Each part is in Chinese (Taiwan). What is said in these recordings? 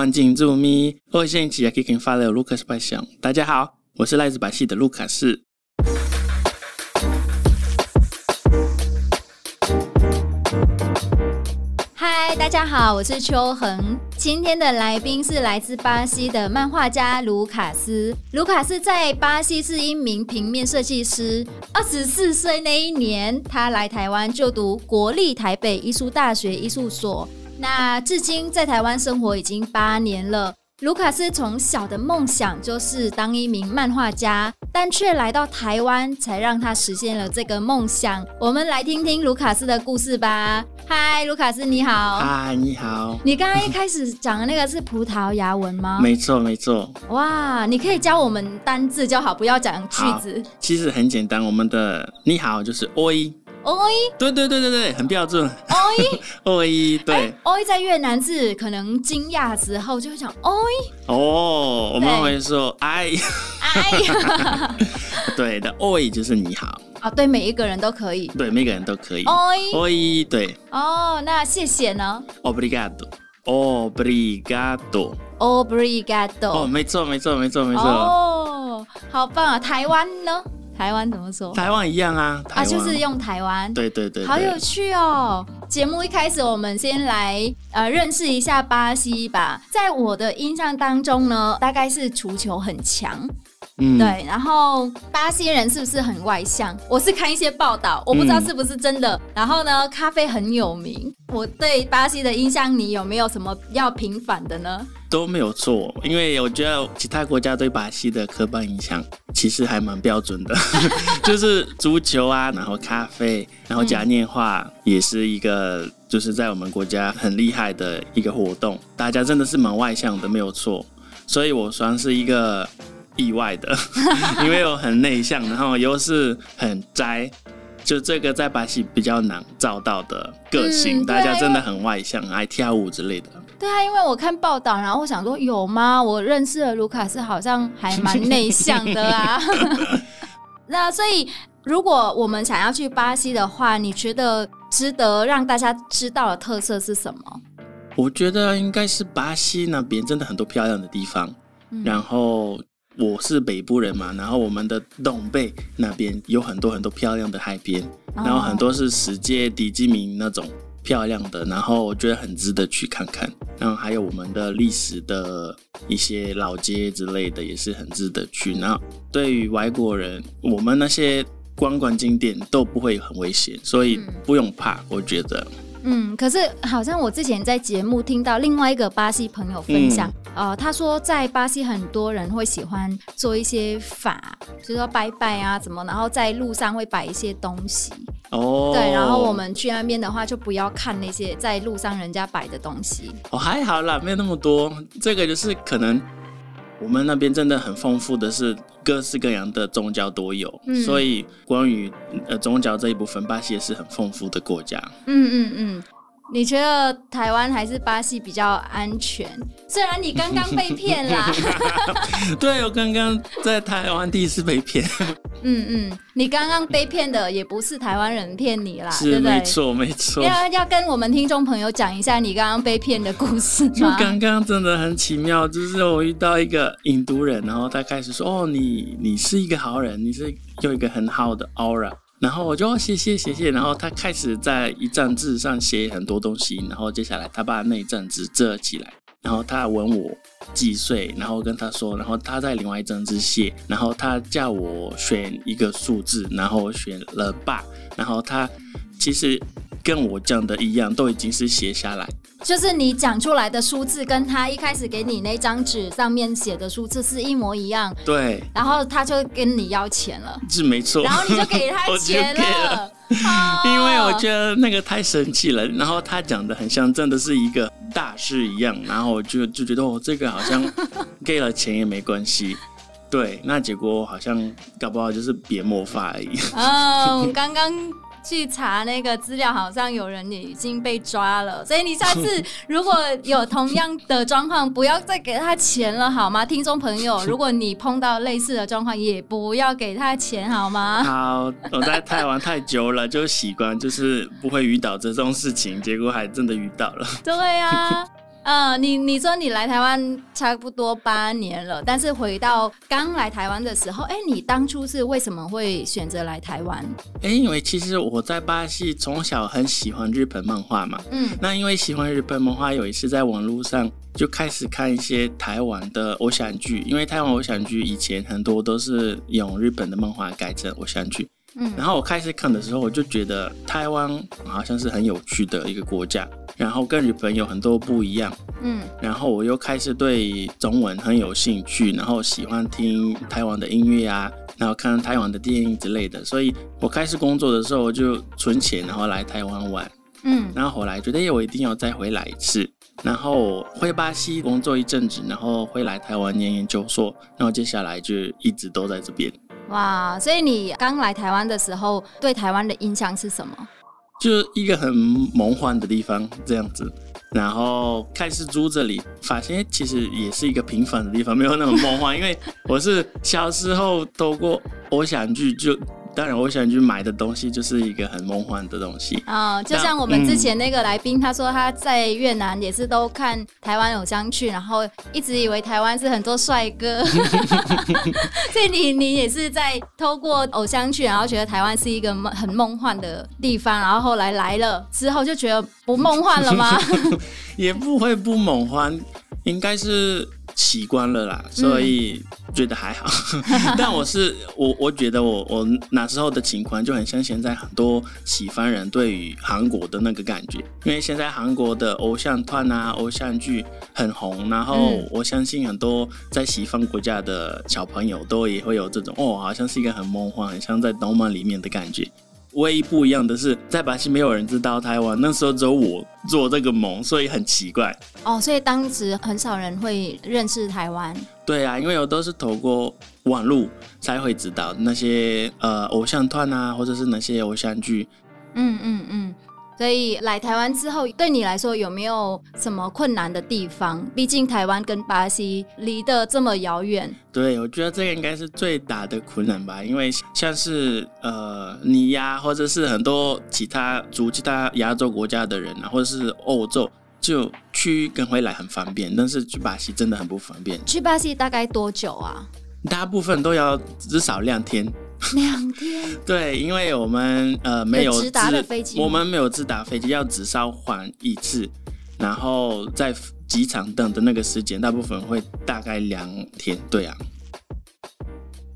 歡迎進入咪，我是新一期啊，可以給你發的盧卡斯白享。大家好，我是來自巴西的盧卡斯。嗨，大家好，我是秋恆。今天的來賓是來自巴西的漫畫家盧卡斯。盧卡斯在巴西是一名平面設計師。二十四歲那一年，他來台灣就讀國立台北藝術大學美術所。那至今在台灣生活已經八年了，盧卡斯從小的夢想就是當一名漫畫家，但卻來到台灣才讓他實現了這個夢想。我們來聽聽盧卡斯的故事吧。嗨，盧卡斯你好。嗨，你好。Hi, 你剛剛一開始講的那個是葡萄牙文嗎？ 沒錯，沒錯。哇，你可以教我們單字就好，不要講句子。其實很簡單，我們的你好就是 oi。oi，對對對對對，很標準。oi，oi， 對。欸、oi 在越南字可能驚訝之後就會講 oi。哦對，我們會說 i i 對、哎、 對的，oi 就是你好。啊，對，每一個人都可以。對，每個人都可以。oi，oi，對。哦，那謝謝呢。Obrigado，Obrigado，Obrigado。哦，沒錯，沒錯，沒錯，沒錯。哦，好棒啊！台灣呢？台灣怎麼說？台灣一樣啊，啊，就是用台灣。對對，對對對，好有趣哦，喔！節目一開始，我們先來呃認識一下巴西吧。在我的印象當中呢，大概是足球很強，嗯，對。然後巴西人是不是很外向？我是看一些報道，我不知道是不是真的。嗯、然後呢，咖啡很有名。我對巴西的印象，你有沒有什麼要平反的呢？都沒有錯，因為我覺得其他國家對巴西的刻板印象其實還蠻標準的， 就是足球啊，然後咖啡，然後嘉年華也是一個，就是在我們國家很厲害的一個活動，大家真的是蠻外向的，沒有錯，所以我算是一個意外的， 因為我很內向，然後又是很宅。就這個在巴西比較難找到的個性、嗯啊，大家真的很外向，愛、啊、跳舞之類的。對啊，因為我看報道，然後我想說有嗎？我認識的盧卡斯好像還蠻內向的啊。 那所以如果我們想要去巴西的話，你覺得值得讓大家知道的特色是什麼？我覺得應該是巴西那邊真的很多漂亮的地方，嗯、然後。我是北部人嘛，然後我們的東北那邊有很多很多漂亮的海邊、哦，然後很多是世界第幾名那種漂亮的，然後我覺得很值得去看看。然後還有我們的歷史的一些老街之類的，也是很值得去。那對於外國人，我們那些觀光景點都不會很危險，所以不用怕、嗯。我覺得，嗯，可是好像我之前在節目聽到另外一個巴西朋友分享、嗯。呃，他說在巴西很多人會喜歡做一些法，就是說拜拜啊，怎麼，然後在路上會擺一些東西。哦，對，然後我們去那邊的話，就不要看那些在路上人家擺的東西。哦，還好啦，沒有那麼多。這個就是可能我們那邊真的很豐富的是各式各樣的宗教都有，嗯、所以關於呃宗教這一部分，巴西也是很豐富的國家。嗯嗯嗯。嗯你覺得台灣還是巴西比較安全？雖然你剛剛被騙啦 對，我剛剛在台灣第一次被騙、 嗯。嗯嗯，你剛剛被騙的也不是台灣人騙你啦，是的，對不對？沒錯沒錯。要要跟我們聽眾朋友講一下你剛剛被騙的故事嗎？就剛剛真的很奇妙，就是我遇到一個印度人，然後他開始說：“哦，你你是一個好人，你是有一個很好的 aura。”然後我就寫寫寫寫，然後他開始在一張紙上寫很多東西，然後接下來他把那一張紙遮起來，然後他問我幾歲，然後跟他說，然後他在另外一張紙寫，然後他叫我選一個數字，然後我選了八，然後他其實。跟我講的一樣，都已經是寫下來。就是你講出來的數字，跟他一開始給你那張紙上面寫的數字是一模一樣。對。然後他就跟你要錢了，是沒錯。然後你就給他錢了。 了哦、因為我覺得那個太神奇了，然後他講的很像真的是一個大師一樣，然後我就就覺得哦，這個好像給了錢也沒關係。 對。那結果好像搞不好就是別魔法而已。啊、嗯，我 剛剛。去查那個資料，好像有人已經被抓了，所以你下次如果有同樣的狀況， 不要再給他錢了，好嗎，聽眾朋友？如果你碰到類似的狀況，也不要給他錢，好嗎？好，我在台灣太久了， 就習慣，就是不會遇到這這種事情，結果還真的遇到了。對呀。嗯，你你說你來台灣差不多八年了，但是回到剛來台灣的時候，哎、欸，你當初是為什麼會選擇來台灣？哎、欸，因為其實我在巴西從小很喜歡日本漫畫嘛，嗯，那因為喜歡日本漫畫，有一次在網絡上就開始看一些台灣的偶像劇，因為台灣偶像劇以前很多都是用日本的漫畫改成偶像劇。嗯，然後我開始看的時候，我就覺得台灣好像是很有趣的一個國家，然後跟日本有很多不一樣，嗯，然後我又開始對中文很有興趣，然後喜歡聽台灣的音樂啊，然後看台灣的電影之類的，所以我開始工作的時候我就存錢，然後來台灣玩，嗯，然後後來覺得，欸，我一定要再回來一次，然後回巴西工作一陣子，然後回來台灣念研究所，然後接下來就一直都在這邊。哇，所以你剛來台灣的時候，對台灣的印象是什麼？就一個很夢幻的地方這樣子，然後開始住這裡，發現其實也是一個平凡的地方，沒有那麼夢幻。 因為我是小時候透過偶像劇就。當然，我想去買的東西就是一個很夢幻的東西。嗯、啊，就像我們之前那個來賓，他說他在越南也是都看台灣偶像劇，然後一直以為台灣是很多帥哥。 所以你你也是在透過偶像劇，然後覺得台灣是一個很夢幻的地方，然後後來來了之後就覺得不夢幻了嗎？ 也不會不夢幻，應該是。習慣了啦，所以覺得還好。嗯、 但我是我，我覺得我我那時候的情況就很像現在很多西方人對於韓國的那個感覺，因為現在韓國的偶像團啊、偶像劇很紅，然後我相信很多在西方國家的小朋友都也會有這種哦，好像是一個很夢幻、很像在動漫裡面的感覺。唯一不一樣的是，在巴西沒有人知道台灣，那時候只有我做這個夢，所以很奇怪。哦，所以當時很少人會認識台灣。對啊，因為我都是透過網路才會知道那些呃偶像團啊，或者是那些偶像劇。嗯嗯嗯。嗯所以來台灣之後，對你來說有沒有什麼困難的地方？畢竟台灣跟巴西離得這麼遙遠。對，我覺得這個應該是最大的困難吧。因為像是呃，你呀，啊，或者是很多其他、其他亞洲國家的人啊，或者是歐洲，就去跟回來很方便。但是去巴西真的很不方便。去巴西大概多久啊？大部分都要至少兩天。兩天。 對，因為我們呃沒有直達的飛機，我們沒有直達飛機，要只稍緩一次，然後在機場等的那個時間，大部分會大概兩天。對啊，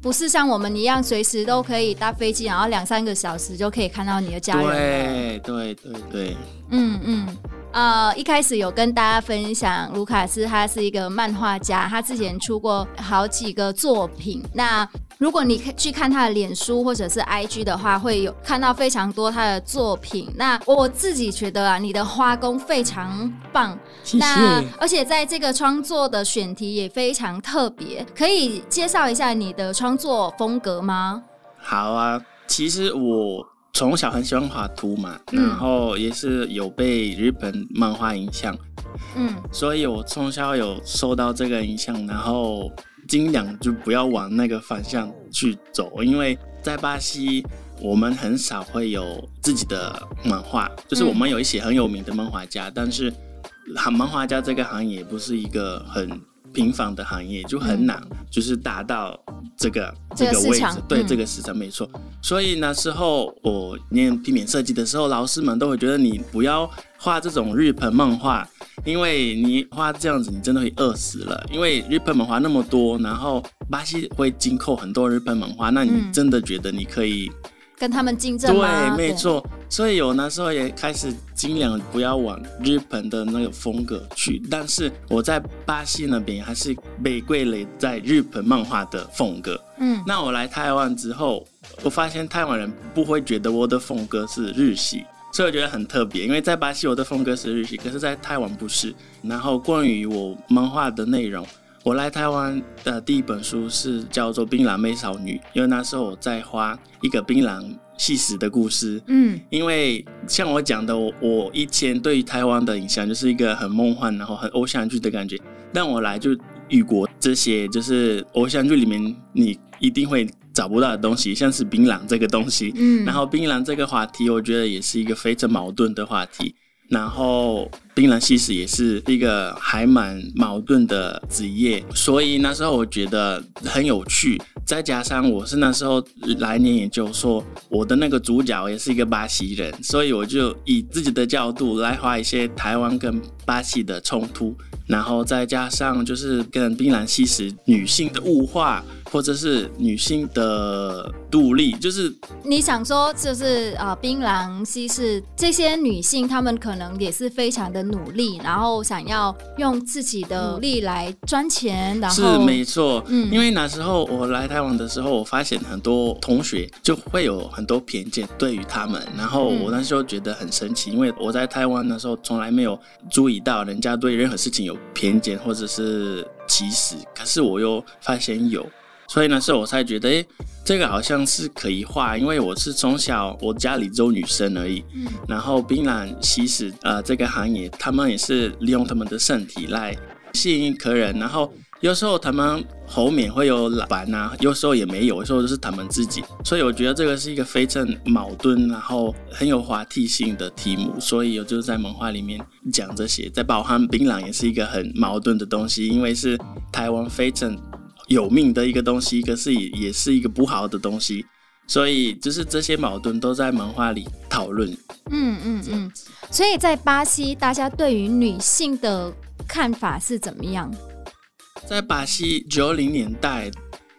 不是像我們一樣隨時都可以搭飛機，然後兩三個小時就可以看到你的家人。對對對對。嗯嗯。呃，一開始有跟大家分享，盧卡斯他是一個漫畫家，他之前出過好幾個作品。那如果你去看他的臉書或者是 IG 的話，會有看到非常多他的作品。那我自己覺得啊，你的畫工非常棒。謝謝。那，而且在這個創作的選題也非常特別，可以介紹一下你的創作風格嗎？好啊，其實我從小很喜歡畫圖嘛，然後也是有被日本漫畫影響，嗯，所以我從小有受到這個影響，然後。儘量就不要往那個方向去走，因為在巴西，我們很少會有自己的漫畫，就是我們有一些很有名的漫畫家，但是，畫漫畫家這個行業也不是一個很平凡的行業，就很難，就是達到。這個這個位置、這個、對、嗯，這個時長沒錯。所以那時候我念平面設計的時候，老師們都會覺得，你不要畫這種日本漫畫，因為你畫這樣子，你真的會餓死了。因為日本漫畫那麼多，然後巴西會進口很多日本漫畫，那你真的覺得你可以，跟他們競爭嗎？對，沒錯。所以我那時候也開始盡量不要往日本的那個風格去。但是我在巴西那邊還是被歸類在日本漫畫的風格。嗯，那我來台灣之後，我發現台灣人不會覺得我的風格是日系，所以我覺得很特別。因為在巴西我的風格是日系，可是在台灣不是。然後關於我漫畫的內容。我來台灣的第一本書是叫做《檳榔妹少女》，因為那時候我在畫一個檳榔西施的故事。嗯，因為像我講的，我以前對於台灣的印象就是一個很夢幻，然後很偶像劇的感覺。但我來就遇過這些，就是偶像劇裡面你一定會找不到的東西，像是檳榔這個東西。嗯，然後檳榔這個話題，我覺得也是一個非常矛盾的話題。然後，檳榔西施也是一個還蠻矛盾的職業，所以那時候我覺得很有趣。再加上我是那時候來念研究所，我的那個主角也是一個巴西人，所以我就以自己的角度來畫一些台灣跟巴西的衝突，然後再加上就是跟檳榔西施女性的物化。或者是女性的獨立，就是你想說，就是啊，呃，檳榔西施這些女性，她們可能也是非常的努力，然後想要用自己的努力來賺錢，然後是沒錯，嗯，因為那時候我來台灣的時候，我發現很多同學就會有很多偏見對於他們，然後我那時候覺得很神奇，因為我在台灣的時候從來沒有注意到人家對任何事情有偏見或者是歧視，可是我又發現有。所以呢，那時候我才覺得，誒、欸，這個好像是可以畫，因為我是從小我家裡只有女生而已。嗯、然後檳榔西施啊，這個行業，他們也是利用他們的身體來吸引客人，然後有時候他們後面會有老闆吶、啊，有時候也沒有，有有時候就是他們自己。所以我覺得這個是一個非常矛盾，然後很有話題性的題目，所以我就在漫畫裡面講這些，再包含檳榔也是一個很矛盾的東西，因為是台灣非常。有名的一個東西，可是，也也是一個不好的東西，所以就是這些矛盾都在文化裡討論。嗯嗯嗯。所以在巴西，大家對於女性的看法是怎麼樣？在巴西九零年代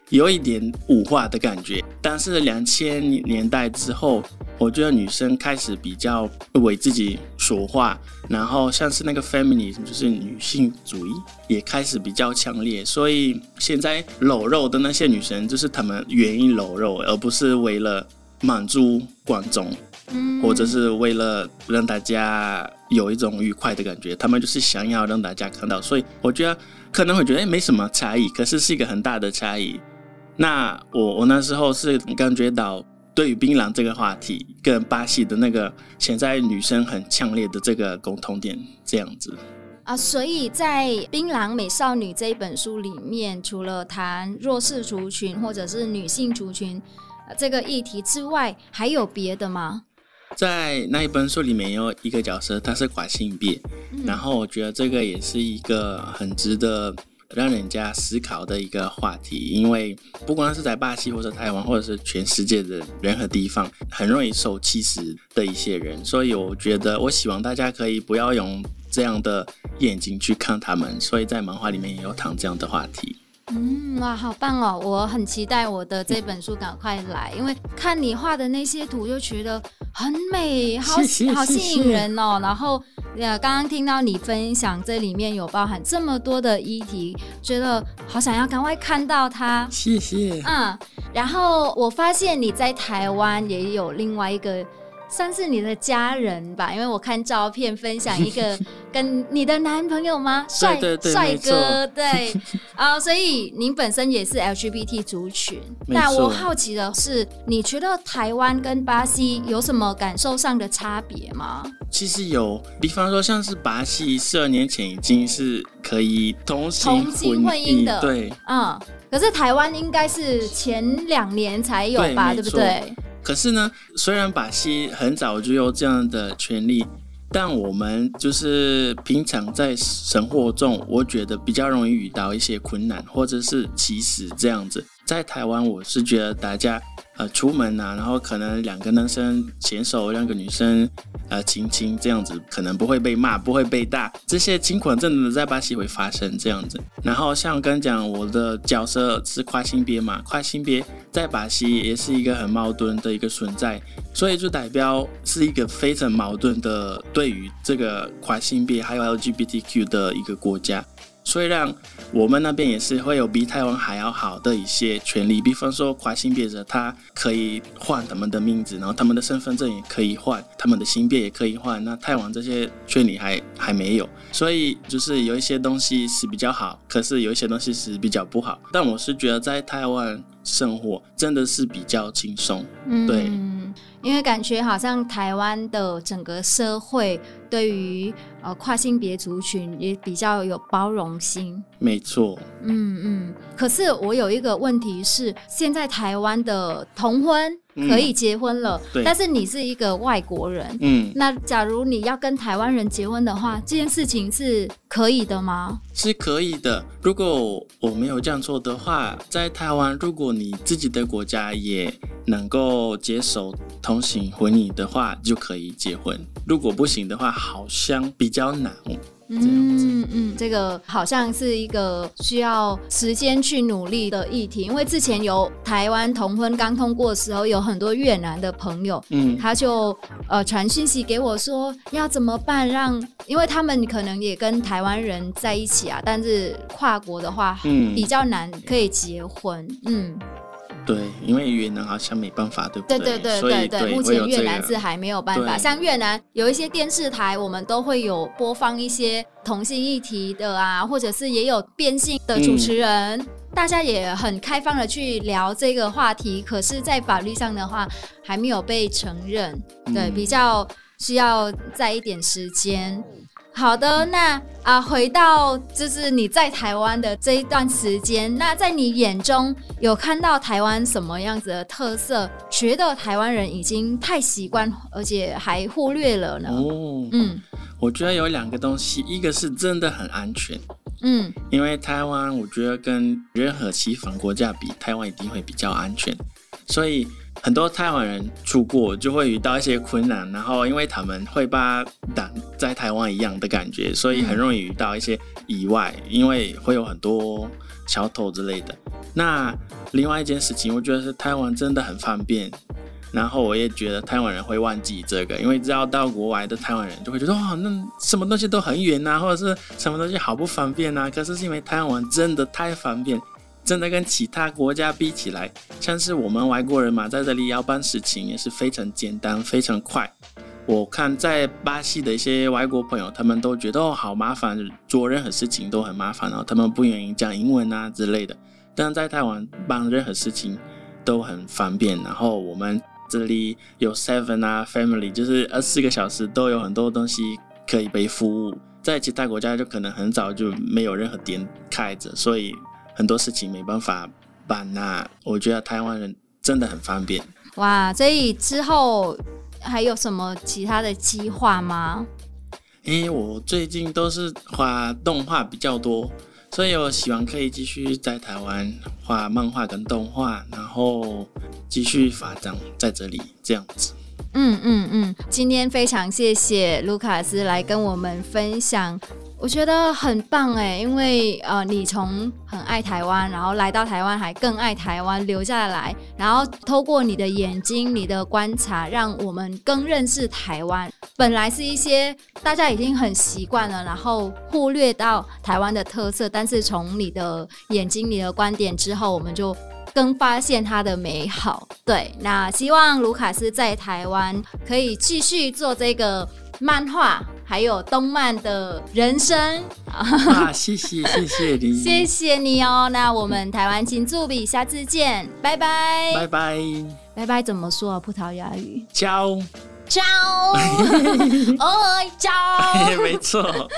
有一點物化的感覺，但是兩千年代之後。我覺得女生開始比較為自己說話，然後像是那個 feminism，就是女性主義，也開始比較強烈。所以現在露肉的那些女生，就是她們願意露肉，而不是為了滿足觀眾，或者是為了讓大家有一種愉快的感覺。她們就是想要讓大家看到。所以我覺得可能會覺得，哎，沒什麼差異，可是是一個很大的差異。那我我那時候是感覺到。對於檳榔這個話題，跟巴西的那個潛在女生很強烈的這個共同點，這樣子啊，所以在《檳榔美少女》這一本書裡面，除了談弱勢族群或者是女性族群，啊，這個議題之外，還有別的嗎？在那一本書裡面有一個角色，他是跨性別，然後我覺得這個也是一個很值得。讓人家思考的一個話題，因為不管是在巴西，或者台灣，或者是全世界的任何地方，很容易受歧視的一些人，所以我覺得，我希望大家可以不要用這樣的眼睛去看他們。所以在漫畫裡面也有談這樣的話題。嗯，哇，好棒哦！我很期待我的這本書趕快來，因為看你畫的那些圖，就覺得很美，好謝謝謝謝，好吸引人哦。然後。對呀，剛剛聽到你分享，這裡面有包含這麼多的議題，覺得好想要趕快看到它。謝謝。嗯，然後我發現你在台灣也有另外一個。算是你的家人吧，因為我看照片分享一個跟你的男朋友嗎？帥 帥哥，對啊、 呃，所以你本身也是 LGBT 族群。那我好奇的是，你覺得台灣跟巴西有什麼感受上的差別嗎？其實有，比方說像是巴西十二年前已經是可以同同性婚姻的，對，嗯，可是台灣應該是前兩年才有吧？對，對不對？可是呢，雖然巴西很早就有這樣的權利，但我們就是平常在生活中，我覺得比較容易遇到一些困難，或者是歧視這樣子。在台灣，我是覺得大家，呃，出門吶、啊，然後可能兩個男生牽手，兩個女生，呃，親親這樣子，可能不會被罵，不會被打。這些情況真的在巴西會發生這樣子。然後像我剛剛講，我的角色是跨性別嘛，跨性別在巴西也是一個很矛盾的一個存在，所以就代表是一個非常矛盾的對於這個跨性別還有 LGBTQ 的一個國家。.雖然我們那邊也是會有比台灣還要好的一些權利，比方說跨性別者，他可以換他們的名字，然後他們的身份證也可以換，他們的性別也可以換。那台灣這些權利還還沒有，所以就是有一些東西是比較好，可是有一些東西是比較不好。但我是覺得在台灣生活真的是比較輕鬆，對。嗯。因為感覺好像台灣的整個社會對於呃跨性別族群也比較有包容心。沒錯。嗯嗯。可是我有一個問題是，現在台灣的同婚可以結婚了、嗯，但是你是一個外國人，嗯，那假如你要跟台灣人結婚的話，這件事情是可以的嗎？是可以的。如果我沒有講錯的話，在台灣，如果你自己的國家也能夠接受同。行，回你的話就可以結婚。如果不行的話，好像比較難。嗯嗯，這個好像是一個需要時間去努力的議題。因為之前有台灣同婚剛通過的時候，有很多越南的朋友，嗯，他就呃傳訊息給我說要怎麼辦，讓因為他們可能也跟台灣人在一起啊，但是跨國的話，比較難可以結婚，嗯。嗯對，因為越南好像沒辦法，對不對？對對對對對，對，目前越南是還沒有辦法。像越南有一些電視台，我們都會有播放一些同性議題的啊，或者是也有變性的主持人、嗯，大家也很開放的去聊這個話題。可是，在法律上的話，還沒有被承認，對，嗯、比較需要再一點時間。好的，那啊，回到就是你在台灣的這一段時間，那在你眼中有看到台灣什麼樣子的特色？覺得台灣人已經太習慣，而且還忽略了呢？哦，嗯，我覺得有兩個東西，一個是真的很安全，嗯，因為台灣我覺得跟任何西方國家比，台灣一定會比較安全，所以。很多台灣人出國就會遇到一些困難，然後因為他們會把當在台灣一樣的感覺，所以很容易遇到一些意外，因為會有很多小偷之類的。那另外一件事情，我覺得是台灣真的很方便，然後我也覺得台灣人會忘記這個，因為只要到國外的台灣人就會覺得哇，那什麼東西都很遠吶、啊，或者是什麼東西好不方便吶、啊。可是，是因為台灣真的太方便。真的跟其他國家比起來，像是我們外國人嘛，在這裡要辦事情也是非常簡單、非常快。我看在巴西的一些外國朋友，他們都覺得好麻煩，做任何事情都很麻煩、哦，然後他們不願意講英文啊之類的。但在台灣辦任何事情都很方便，然後我們這裡有 Seven 啊 Family，就是二十四個小時都有很多東西可以被服務。在其他國家就可能很早就沒有任何店開着，所以。很多事情沒辦法辦吶，我覺得台灣人真的很方便。哇，所以之後還有什麼其他的計劃嗎？因為，欸，我最近都是畫動畫比較多，所以我希望可以繼續在台灣畫漫畫跟動畫，然後繼續發展在這裡這樣子。嗯嗯嗯，今天非常謝謝盧卡斯來跟我們分享，我覺得很棒哎、欸，因為呃，你從很愛台灣，然後來到台灣還更愛台灣留下來，然後透過你的眼睛、你的觀察，讓我們更認識台灣。本來是一些大家已經很習慣了，然後忽略到台灣的特色，但是從你的眼睛、你的觀點之後，我們就。更發現它的美好，對，那希望盧卡斯在台灣可以繼續做這個漫畫，還有動漫的人生。啊，謝謝，謝謝你， 謝謝你哦、喔。那我們台灣，請注意，下次見，拜拜，拜拜，拜拜怎麼說葡萄牙語？Chao，Chao，哦，Chao，沒錯。